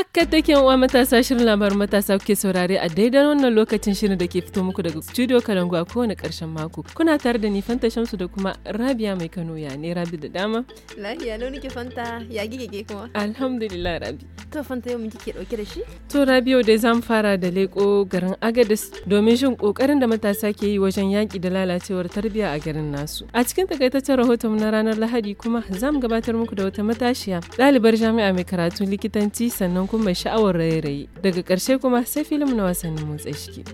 Haka take uwa matasa shirin labarin matasa kuke saurare a daidai wannan lokacin shirin da ke fito muku daga studio Kalangu a kowane karshen mako. Kuna tare da ni Fanta Shamsu da kuma Rabia Mai Kano ya ne Rabi da dama. Lafiya lau nake Fanta ya gige kuma. Alhamdulillah Rabi. To Fanta yau muke ke dauke da shi? To Rabi yau dai zamu fara da leko garin agadis domin shin kokarin da matasa ke yi wajen yaki da lalacewar tarbiyya a garin nasu. A cikin takaitaccen rahoton na ranar Lahadi kuma zamu gabatar muku da wata matashiya ɗalibar jami'a mai karatun likitanci sannan kuma mai sha'awar raye daga ƙarshe kuma sai filim na wasannin motsa shi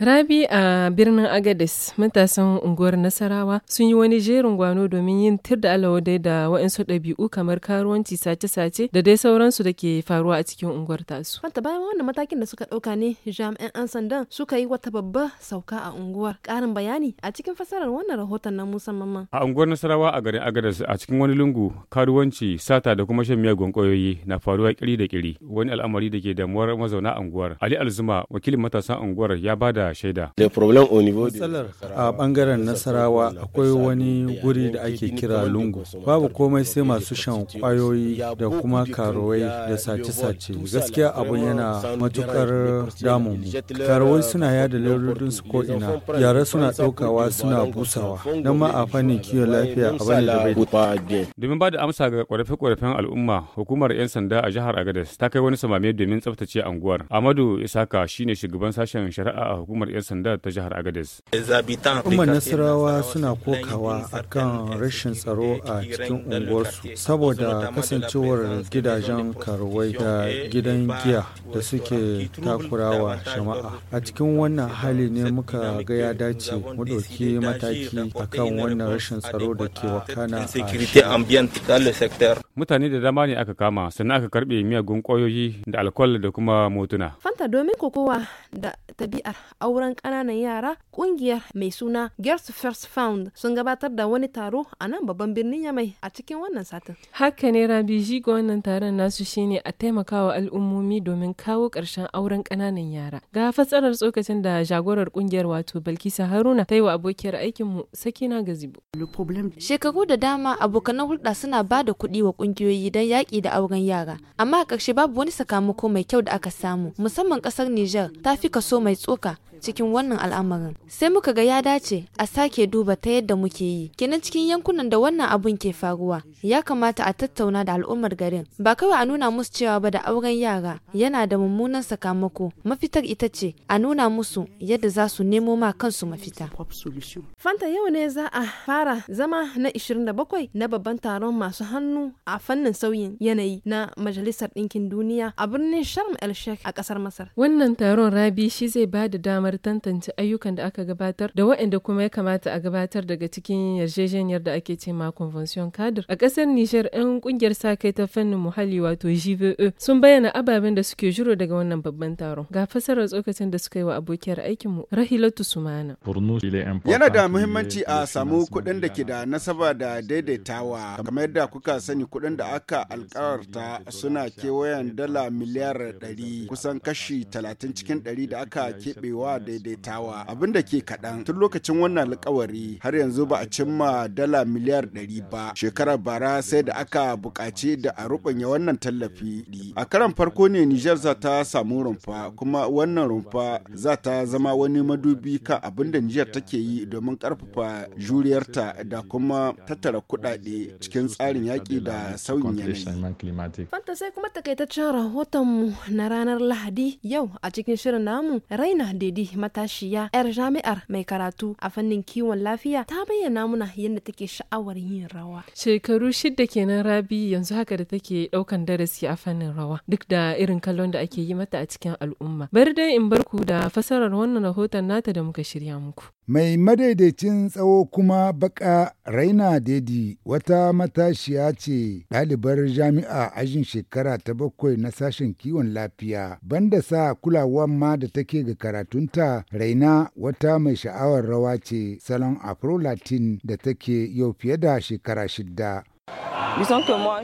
Rabi a birnin Agadez matasan unguwar Nasarawa sun yi wani jerin gwano domin yin tir da alawadai da wa'insu ɗabi'u kamar karuwanci sace-sace da dai sauransu da ke faruwa a cikin unguwar tasu. Fanta bayan wannan matakin da suka ɗauka ne jami'an 'yan sandan suka yi wata babba sauka a unguwar. Ƙarin bayani a cikin fasarar wannan rahoton na musamman. A unguwar Nasarawa a garin Agadez a cikin wani lungu karuwanci sata da kuma shan miyagun ƙwayoyi na faruwa kiri da kiri wani al'amari da ke damuwar mazauna unguwar. Ali Alzuma wakilin matasan unguwar ya bada shaida. Matsalar a bangaren Nasarawa akwai wani guri da ake kira lungu. Babu komai sai masu shan kwayoyi da kuma karuwai da sace-sace. Gaskiya abun yana matukar damun mu. suna yada lalurudin su ko ina. Yara suna ɗaukawa suna busawa. Don ma a fannin kiwon lafiya a bane da bai. Domin ba da amsa ga ƙwarfe ƙorafen al'umma, hukumar 'yan sanda a jihar Agadez ta kai wani samame domin tsaftace anguwar. Amadu Isaka shine shugaban sashen shari'a a hukumar hukumar 'yan sanda ta jihar Agadez. Umar Nasarawa suna kokawa akan rashin tsaro a cikin unguwarsu saboda kasancewar gidajen karuwai da gidan giya da suke takurawa shama'a A cikin wannan hali ne muka ga ya dace mu ɗauki mataki akan wannan rashin tsaro da ke wakana a mutane da dama ne aka kama sannan aka karbe miyagun kwayoyi da alkol da kuma motuna. Fanta domin kokowa da tabi'ar auren ƙananan yara ƙungiyar mai suna Girls First Found sun gabatar da wani taro a nan babban birnin Yamai a cikin wannan satin. Haka ne Rabi ga wannan taron nasu shine a taimakawa al'ummomi domin kawo ƙarshen auren ƙananan yara. Ga fatsarar tsokacin da jagorar ƙungiyar wato Balkisa Haruna ta yi wa abokiyar aikinmu Sakina Gazibo. Shekaru da dama abokanan hulɗa suna ba da kuɗi wa kungiyoyi don yaƙi da auren yara. Amma a ƙarshe babu wani sakamako mai kyau da aka samu, musamman ƙasar Nijar ta fi kaso mai tsoka cikin wannan al'amarin sai muka ga ya dace a sake duba ta yadda muke yi kenan cikin yankunan da wannan abun ke faruwa ya kamata a tattauna da al'ummar garin ba kawai a nuna musu cewa ba da auren yara yana da mummunan sakamako mafitar ita ce a nuna musu yadda za su nemo ma kansu mafita fanta yau ne za a fara zama na 27 na babban taron masu hannu a fannin sauyin yanayi na majalisar ɗinkin duniya a birnin sharm el sheikh a ƙasar masar wannan taron rabi shi zai ba da dama kamar tantance ayyukan da aka gabatar da waɗanda kuma ya kamata a gabatar daga cikin yarjejeniyar da ake cema convention kadir. a ƙasar Nijar 'yan ƙungiyar sa kai ta fannin muhalli wato GVE sun bayyana ababen da suke juro daga wannan babban taron ga fasarar tsokacin da suka yi wa abokiyar aikin mu Rahilatu Sumana yana da muhimmanci a samu kuɗin da ke da nasaba da daidaitawa kamar yadda kuka sani kuɗin da aka alƙawarta suna kewayen dala miliyar 100 kusan kashi 30 cikin 100 da aka keɓewa daidaitawa abin da ke kaɗan tun lokacin wannan alkawari har yanzu ba a cimma dala miliyar ɗari ba shekarar bara sai da aka buƙaci da a rubanya wannan tallafi a karan farko ne nijar za ta samu rumfa kuma wannan rumfa za ta zama wani madubi ka abin da nijar take yi domin ƙarfafa juriyarta da kuma tattara kuɗaɗe cikin tsarin yaƙi da sauyin yanayi. Fanta sai kuma takaitaccen mu na ranar Lahadi yau a cikin shirin namu Raina Dedi matashiya 'yar jami'ar mai karatu a fannin kiwon lafiya ta bayyana muna yadda take sha'awar yin rawa. Shekaru shida kenan Rabi yanzu haka da take ɗaukan darasi a fannin rawa duk da irin kallon da ake yi mata a cikin al'umma. Bari dai in bar ku da fasarar wannan rahoton nata da muka shirya muku. Mai madaidaicin tsawo kuma baka Raina Dedi wata matashiya ce ɗalibar jami'a ajin shekara ta bakwai na sashen kiwon lafiya banda sa kulawar ma da take ga karatunta Raina wata mai sha'awar rawa ce salon Afro-Latin da take yau fiye da shekara shidda.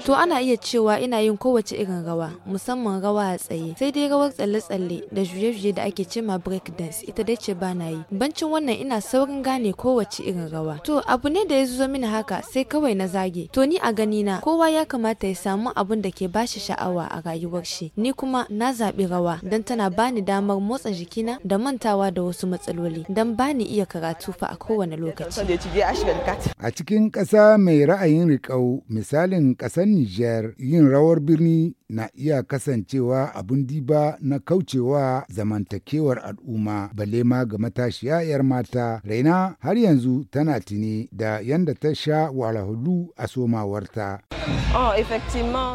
To ana iya cewa ina yin kowace irin rawa, musamman rawa a tsaye, sai dai rawar tsalle-tsalle da juye-juye da ake ce ma break dance ita dai ce ba na yi. Bancin wannan ina saurin gane kowace irin rawa. To abu ne da ya zo mini haka sai kawai na zage. To ni a gani na kowa ya kamata ya samu abun da ke bashi sha'awa a rayuwar shi. Ni kuma na zaɓi rawa don tana bani damar motsa jikina da mantawa da wasu matsaloli don bani iya karatu fa a kowane lokaci. A cikin ƙasa mai ra'ayin rikau misali misalin ƙasar Nijar yin rawar birni na iya kasancewa abun diba na kaucewa zamantakewar al'umma balle ma ga matashiya 'yar mata raina har yanzu tana tuni da yadda ta sha wahalhalu a somawarta. Oh,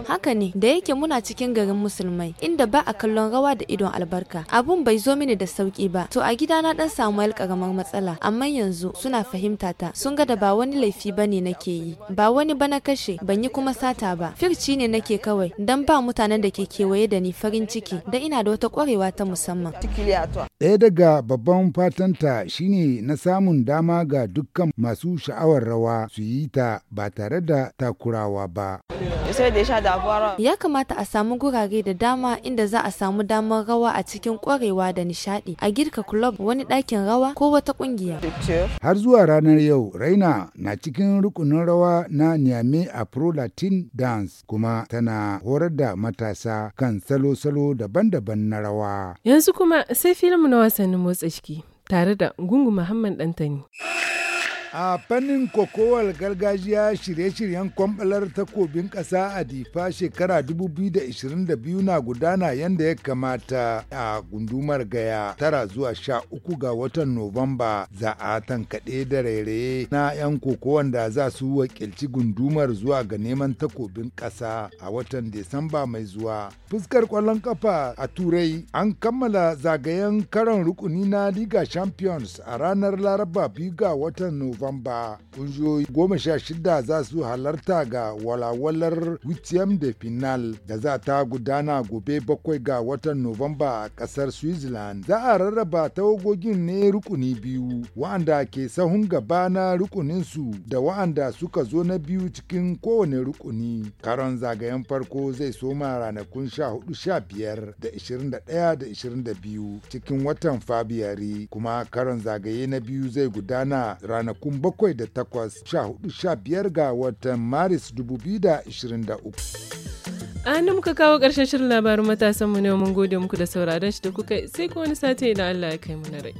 Haka ne da yake muna cikin garin musulmai inda ba a kallon rawa da idon albarka. Abun bai zo mini da sauki ba. To a gida na dan samu ƙaramar karamar matsala amma yanzu suna fahimta ta sun ga da ba wani laifi ba bane nake yi. Ba wani ba na kashe ban yi kuma sata ba. Firci ne nake kawai dan ba mutanen da ke kewaye da ni farin ciki da ina da wata kwarewa ta musamman. Ɗaya daga babban fatanta shine na samun dama ga dukkan masu sha'awar rawa su yi ta ba tare da takurawa ba. ba. Ya kamata a samu gurare da dama inda za a samu damar rawa a cikin kwarewa da nishaɗi, a girka club wani ɗakin rawa ko wata ƙungiya. Har zuwa ranar yau Raina na cikin rukunin rawa na Niamey Afro Latin Dance kuma tana horar da matasa kan salo-salo daban-daban na rawa. Yanzu kuma sai filin na wasannin motsa ciki tare da Gungu Muhammad Dantani. a fannin kokowar gargajiya shirye-shiryen kwamɓalar takobin ƙasa a difa shekara 2022 na gudana yadda ya kamata a gundumar gaya tara zuwa sha uku ga watan nuwamba za a tankaɗe da rairaye na 'yan kokowar da za su wakilci gundumar zuwa ga neman takobin ƙasa a watan desamba mai zuwa fuskar ƙwallon kafa a turai an kammala zagayen karon rukuni na liga champions a ranar laraba biyu ga watan nuwamba Nuwamba. Kungiyoyi goma sha shida za su halarta ga walawalar WTM da final da za ta gudana gobe bakwai ga watan Nuwamba a kasar Switzerland. Za a rarraba tawagogin ne rukuni biyu, wa'anda ke sahun gaba na rukuninsu da wa'anda suka zo na biyu cikin kowane rukuni. Karon zagayen farko zai soma ranakun sha hudu sha biyar da ishirin da da da ishirin biyu cikin watan Fabiyari, kuma karon zagaye na biyu zai gudana ranakun ranakun 7 da 8 14-15 ga watan Maris 2023. an da muka kawo ƙarshen shirin labarin matasanmu ne mun gode muku da sauraron shi da kuka sai ko wani sati idan Allah ya kai mu na rai.